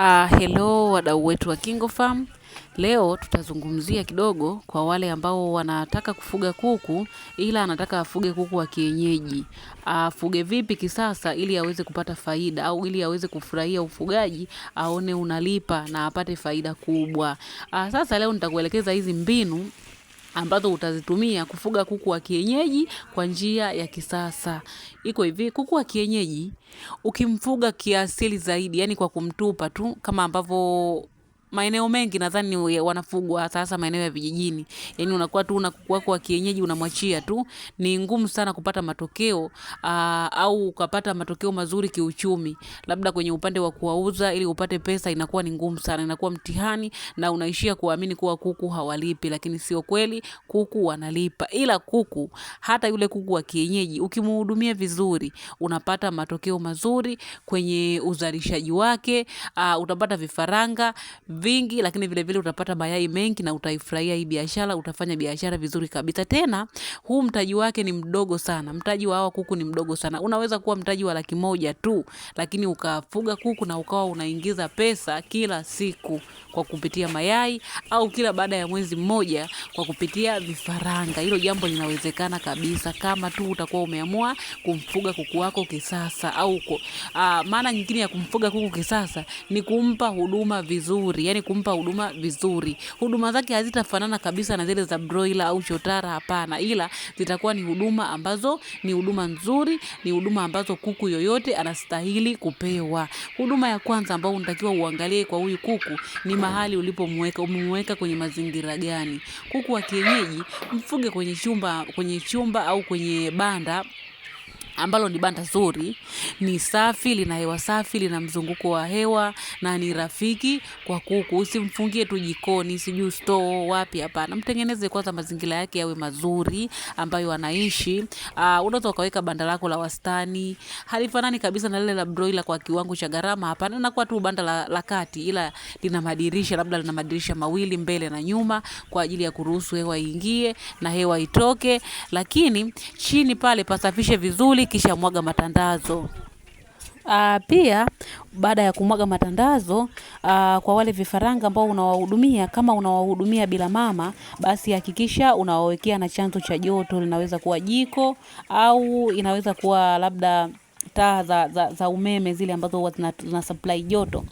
Uh, hello wadau wetu wa KingoFarm. Leo tutazungumzia kidogo kwa wale ambao wanataka kufuga kuku ila anataka afuge kuku wa kienyeji. Afuge vipi kisasa ili aweze kupata faida au ili aweze kufurahia ufugaji, aone unalipa na apate faida kubwa. Aa, ah, sasa leo nitakuelekeza hizi mbinu ambazo utazitumia kufuga kuku wa kienyeji kwa njia ya kisasa. Iko hivi, kuku wa kienyeji ukimfuga kiasili zaidi, yani kwa kumtupa tu kama ambavyo maeneo mengi nadhani wanafugwa hasa maeneo ya vijijini. Yaani unakuwa tu unakuwa kwa kienyeji unamwachia tu. Ni ngumu sana kupata matokeo aa, ah, au ukapata matokeo mazuri kiuchumi. Labda kwenye upande wa kuwauza ili upate pesa inakuwa ni ngumu sana. Inakuwa mtihani na unaishia kuamini kuwa kuku hawalipi lakini sio kweli, kuku wanalipa. Ila kuku hata yule kuku wa kienyeji ukimhudumia vizuri unapata matokeo mazuri kwenye uzalishaji wake, aa, ah, utapata vifaranga vingi, lakini vile vile utapata mayai mengi na utaifurahia hii biashara, utafanya biashara vizuri kabisa. Tena huu mtaji wake ni mdogo sana, mtaji wa hawa kuku ni mdogo sana. Unaweza kuwa mtaji wa laki moja tu, lakini ukafuga kuku na ukawa unaingiza pesa kila siku kwa kupitia mayai au kila baada ya mwezi mmoja kwa kupitia vifaranga. Hilo jambo linawezekana kabisa kama tu utakuwa umeamua kumfuga kuku wako kisasa au uh, maana nyingine ya kumfuga kuku kisasa ni kumpa huduma vizuri yani kumpa huduma vizuri. Huduma zake hazitafanana kabisa na zile za broiler au chotara, hapana, ila zitakuwa ni huduma ambazo ni huduma nzuri, ni huduma ambazo kuku yoyote anastahili kupewa. Huduma ya kwanza ambayo unatakiwa uangalie kwa huyu kuku ni mahali ulipomweka, umemweka kwenye mazingira gani. Kuku wa kienyeji mfuge kwenye chumba, kwenye chumba au kwenye banda ambalo ni banda zuri, ni safi, lina hewa safi, lina mzunguko wa hewa na ni rafiki kwa kuku. Usimfungie tu jikoni, sijui store wapi, hapana. Mtengeneze kwanza mazingira yake yawe mazuri ambayo anaishi. Uh, unaweza ukaweka banda lako la wastani, halifanani kabisa na lile la broiler kwa kiwango cha gharama, hapana. Inakuwa tu banda la, la kati, ila lina madirisha, labda lina madirisha mawili mbele na nyuma kwa ajili ya kuruhusu hewa iingie na hewa itoke, lakini chini pale pasafishe vizuri kisha mwaga matandazo. Aa, ah, pia baada ya kumwaga matandazo aa, ah, kwa wale vifaranga ambao unawahudumia, kama unawahudumia bila mama, basi hakikisha unawawekea na chanzo cha joto, linaweza kuwa jiko au inaweza kuwa labda taa za, za, za umeme zile ambazo huwa zina supply joto.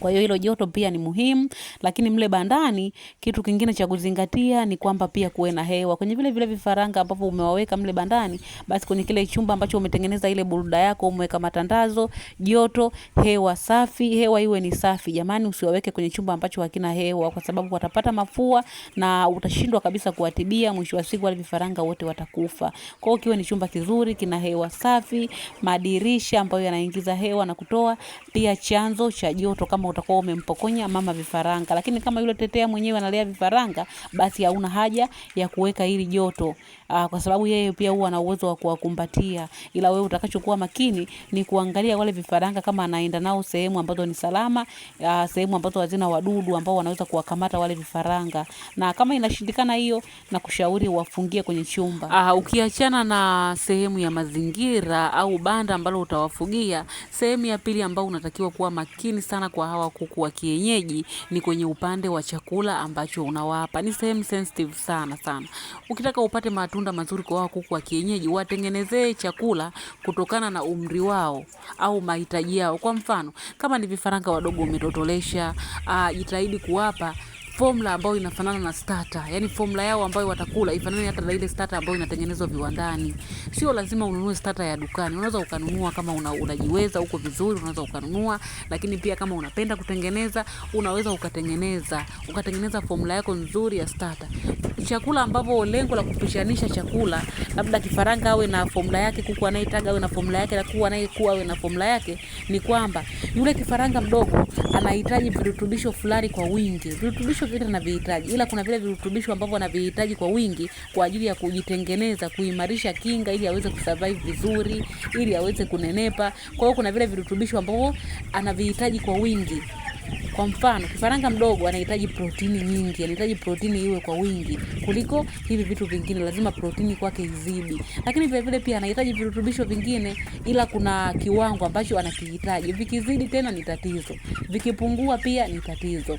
Kwa hiyo hilo joto pia ni muhimu, lakini mle bandani kitu kingine cha kuzingatia ni kwamba pia kuwe na hewa. Kwenye vile vile vifaranga ambavyo umewaweka mle bandani, basi kwenye kile chumba ambacho umetengeneza ile buruda yako, umeweka matandazo, joto, hewa safi, hewa iwe ni safi. Jamani usiwaweke kwenye chumba ambacho hakina hewa kwa sababu watapata mafua na utashindwa kabisa kuwatibia, mwisho wa siku wale vifaranga wote watakufa. Kwa hiyo kiwe ni chumba kizuri kina hewa safi, madirisha ambayo yanaingiza hewa na kutoa, pia chanzo cha joto kama kama utakuwa umempokonya mama vifaranga, lakini kama yule tetea mwenyewe analea vifaranga, basi hauna haja ya kuweka hili joto aa, ah, kwa sababu yeye pia huwa ana uwezo wa kuwakumbatia. Ila wewe utakachokuwa makini ni kuangalia wale vifaranga kama anaenda nao sehemu ambazo ni salama, aa, ah, sehemu ambazo hazina wadudu ambao wanaweza kuwakamata wale vifaranga, na kama inashindikana hiyo, na kushauri wafungie kwenye chumba. Aa, ah, ukiachana na sehemu ya mazingira au banda ambalo utawafugia, sehemu ya pili ambayo unatakiwa kuwa makini sana kwa hawa kuku wa kienyeji ni kwenye upande wa chakula ambacho unawapa. Ni sehemu sensitive sana sana. Ukitaka upate matunda mazuri kwa hawa kuku wa kienyeji, watengenezee chakula kutokana na umri wao au mahitaji yao. Kwa mfano, kama ni vifaranga wadogo umetotolesha, ah, jitahidi kuwapa formula ambayo inafanana na starter, yani formula yao ambayo watakula ifanane hata na ile starter ambayo inatengenezwa viwandani. Sio lazima ununue starter ya dukani, unaweza ukanunua kama una, unajiweza uko vizuri, unaweza ukanunua, lakini pia kama unapenda kutengeneza unaweza ukatengeneza ukatengeneza formula yako nzuri ya starter. Chakula ambapo lengo la kupishanisha chakula, labda kifaranga awe na formula yake, kuku anayetaga awe na formula yake, na kuku anayekuwa awe na formula yake, ni kwamba yule kifaranga mdogo anahitaji virutubisho fulani kwa wingi. Virutubisho vile anavihitaji, ila kuna vile virutubisho ambavyo anavihitaji kwa wingi kwa ajili ya kujitengeneza, kuimarisha kinga, ili aweze kusurvive vizuri, ili aweze kunenepa. Kwa hiyo kuna vile virutubisho ambavyo anavihitaji kwa wingi. Kwa mfano kifaranga mdogo anahitaji protini nyingi, anahitaji protini iwe kwa wingi kuliko hivi vitu vingine, lazima protini kwake izidi. Lakini vile vile pia anahitaji virutubisho vingine, ila kuna kiwango ambacho anakihitaji. Vikizidi tena ni tatizo, vikipungua pia ni tatizo.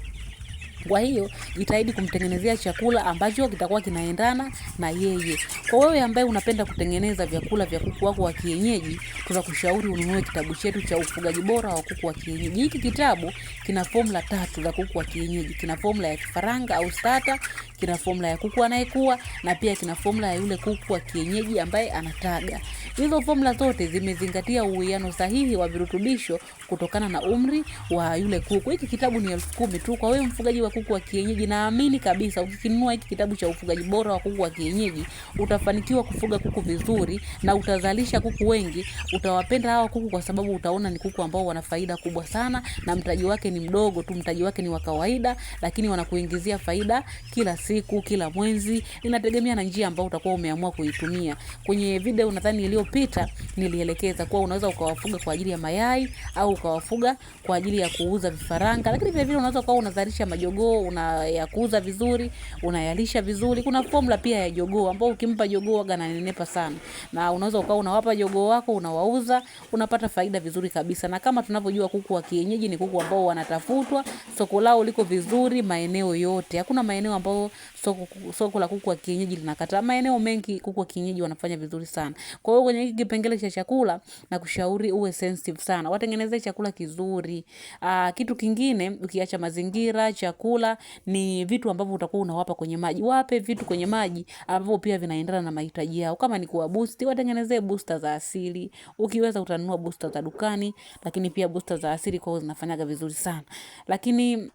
Kwa hiyo jitahidi kumtengenezea chakula ambacho kitakuwa kinaendana na yeye. Kwa wewe ambaye unapenda kutengeneza vyakula vya kuku wako wa kienyeji, tunakushauri ununue kitabu chetu cha ufugaji bora wa kuku wa kienyeji. Hiki kitabu kina formula tatu za kuku wa kienyeji. Kina formula ya kifaranga au starter, kina formula ya kuku anayekua na pia kina formula ya yule kuku wa kienyeji ambaye anataga. Hizo fomula zote zimezingatia uwiano sahihi wa virutubisho kutokana na umri wa yule kuku. Hiki kitabu ni elfu kumi tu. Kwa wewe mfugaji wa kuku wa kienyeji, naamini kabisa ukikinunua hiki kitabu cha ufugaji bora wa kuku wa kienyeji utafanikiwa kufuga kuku vizuri na utazalisha kuku wengi. Utawapenda hawa kuku kwa sababu utaona ni kuku ambao wana faida kubwa sana, na mtaji wake ni mdogo tu, mtaji wake ni wa kawaida, lakini wanakuingizia faida kila siku, kila mwezi. Inategemea na njia ambayo utakuwa umeamua kuitumia. Kwenye video nadhani iliyo iliyopita nilielekeza kuwa unaweza ukawafuga kwa ajili ya mayai au ukawafuga kwa ajili ya kuuza vifaranga, lakini vile vile unaweza ukawa unazalisha majogoo unayakuuza vizuri, unayalisha vizuri. Kuna formula pia ya jogoo ambao ukimpa jogoo waga ananenepa sana, na unaweza ukawa unawapa jogoo wako unawauza, unapata faida vizuri kabisa. Na kama tunavyojua kuku wa kienyeji ni kuku ambao wanatafutwa, soko lao liko vizuri maeneo yote. Hakuna maeneo ambayo soko, soko la kuku wa kienyeji linakataa. Maeneo mengi kuku wa kienyeji wanafanya vizuri sana, kwa hiyo kwenye hiki kipengele cha chakula na kushauri uwe sensitive sana. Watengeneze chakula kizuri. Aa, ah, kitu kingine ukiacha mazingira, chakula ni vitu ambavyo utakuwa unawapa kwenye maji. Wape vitu kwenye maji ambavyo pia vinaendana na mahitaji yao. Kama ni kuwa boost, watengenezee booster za asili. Ukiweza utanunua booster za dukani, lakini pia booster za asili kwao zinafanyaga vizuri sana. Lakini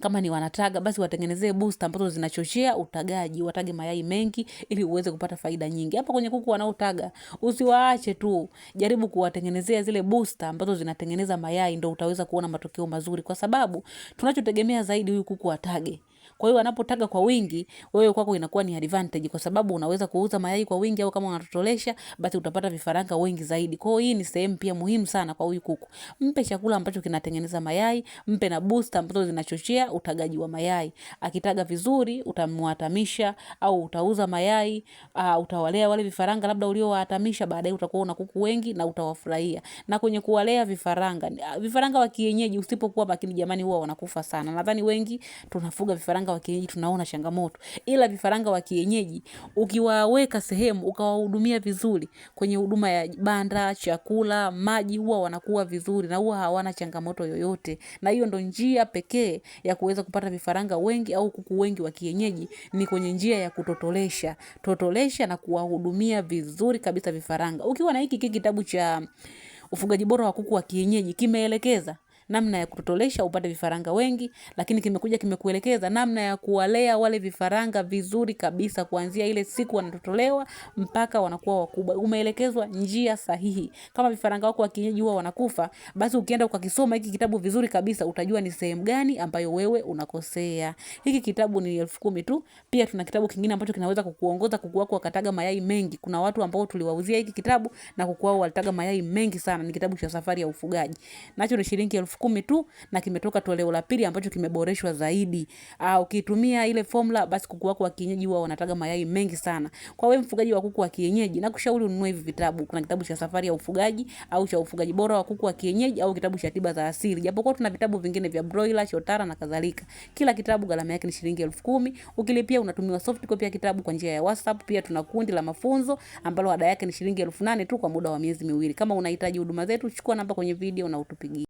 kama ni wanataga basi watengenezee booster ambazo zinachochea utagaji, watage mayai mengi ili uweze kupata faida nyingi. Hapa kwenye kuku wanaotaga usiwaache tu, jaribu kuwatengenezea zile booster ambazo zinatengeneza mayai, ndio utaweza kuona matokeo mazuri, kwa sababu tunachotegemea zaidi huyu kuku atage. Kwa hiyo wanapotaga kwa wingi, wewe kwako inakuwa ni advantage kwa sababu unaweza kuuza mayai kwa wingi au kama unatotolesha basi utapata vifaranga wengi zaidi. Kwa hiyo hii ni sehemu pia muhimu sana kwa huyu kuku. Mpe chakula ambacho kinatengeneza mayai, mpe na booster ambazo zinachochea utagaji wa mayai. Akitaga vizuri utamwatamisha au utauza mayai, uh, utawalea wale vifaranga labda uliowaatamisha, baadaye utakuwa una kuku wengi na utawafurahia. Na kwenye kuwalea vifaranga, vifaranga wa kienyeji usipokuwa makini jamani, huwa wanakufa sana. Nadhani wengi tunafuga vifaranga vifaranga wa kienyeji tunaona changamoto, ila vifaranga wa kienyeji ukiwaweka sehemu ukawahudumia vizuri kwenye huduma ya banda, chakula, maji, huwa wanakuwa vizuri na huwa hawana changamoto yoyote, na hiyo ndo njia pekee ya kuweza kupata vifaranga wengi au kuku wengi wa kienyeji ni kwenye njia ya kutotolesha, totolesha na kuwahudumia vizuri kabisa vifaranga. Ukiwa na hiki kitabu cha ufugaji bora wa kuku wa kienyeji kimeelekeza namna ya kutotolesha upate vifaranga wengi, lakini kimekuja kimekuelekeza namna ya kuwalea wale vifaranga vizuri kabisa, kuanzia ile siku wanatotolewa mpaka wanakuwa wakubwa. Umeelekezwa njia sahihi. Kama vifaranga wako wa kienyeji huwa wanakufa, basi ukienda ukakisoma hiki kitabu vizuri kabisa, utajua ni sehemu gani ambayo wewe unakosea. Hiki kitabu ni elfu kumi tu. Pia tuna kitabu kingine ambacho kinaweza kukuongoza kuku wako wakataga mayai mengi. Kuna watu ambao tuliwauzia hiki kitabu na kuku wao walitaga mayai mengi sana. Ni kitabu cha safari ya ufugaji, nacho ni shilingi elfu elfu kumi tu na kimetoka toleo la pili ambacho kimeboreshwa zaidi. Uh, ukitumia ile formula basi kuku wako wa kienyeji huwa wanataga mayai mengi sana. Kwa wewe mfugaji wa kuku wa kienyeji, nakushauri ununue hivi vitabu. Kuna kitabu cha safari ya ufugaji au cha ufugaji bora wa kuku wa kienyeji au kitabu cha tiba za asili. Japokuwa tuna vitabu vingine vya broiler, chotara na kadhalika. Kila kitabu gharama yake ni shilingi elfu kumi. Ukilipia unatumiwa soft copy ya kitabu kwa njia ya WhatsApp. Pia tuna kundi la mafunzo ambalo ada yake ni shilingi elfu nane tu kwa muda wa miezi miwili. Kama unahitaji huduma zetu, chukua namba kwenye video na utupigie.